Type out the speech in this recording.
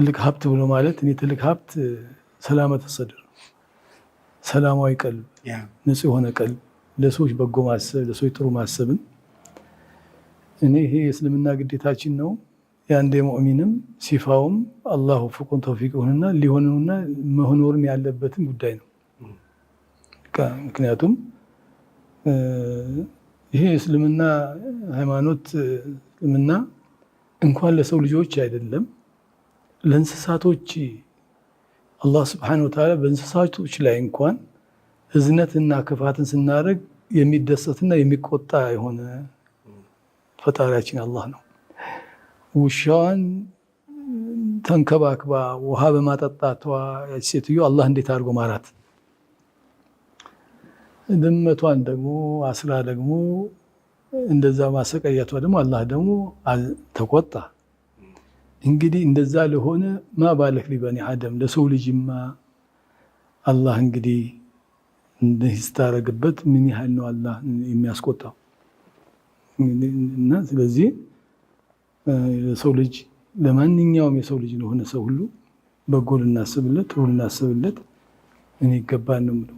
ትልቅ ሀብት ብሎ ማለት እኔ ትልቅ ሀብት ሰላመ ተሰድር ሰላማዊ ቀልብ፣ ንጹህ የሆነ ቀልብ፣ ለሰዎች በጎ ማሰብ፣ ለሰዎች ጥሩ ማሰብን እኔ ይሄ የእስልምና ግዴታችን ነው። የአንድ ሙእሚንም ሲፋውም አላሁ ፍቁን ተውፊቅሁንና ሊሆንና መኖርም ያለበትን ጉዳይ ነው። ምክንያቱም ይሄ የእስልምና ሃይማኖት እስልምና እንኳን ለሰው ልጆች አይደለም ለእንስሳቶች አላህ ስብሐነሁ ወተዓላ በእንስሳቶች ላይ እንኳን እዝነትና ክፋትን ስናደርግ የሚደሰትና የሚቆጣ የሆነ ፈጣሪያችን አላህ ነው። ውሻዋን ተንከባክባ ውሃ በማጠጣቷ ሴትዮ አላህ እንዴት አድርጎ ማራት። ድመቷን ደግሞ አስራ ደግሞ እንደዛ ማሰቃያቷ ደግሞ አላህ ደግሞ ተቆጣ። እንግዲህ እንደዛ ለሆነ ማ ባለክ ሊበኒ አደም ለሰው ልጅማ አላህ እንግዲህ ስታረግበት ምን ያህል ነው አላህ የሚያስቆጣው? እና ስለዚህ ለሰው ልጅ ለማንኛውም የሰው ልጅ ለሆነ ሰው ሁሉ በጎ ልናስብለት ጥሩ ልናስብለት እኔ ይገባል ነው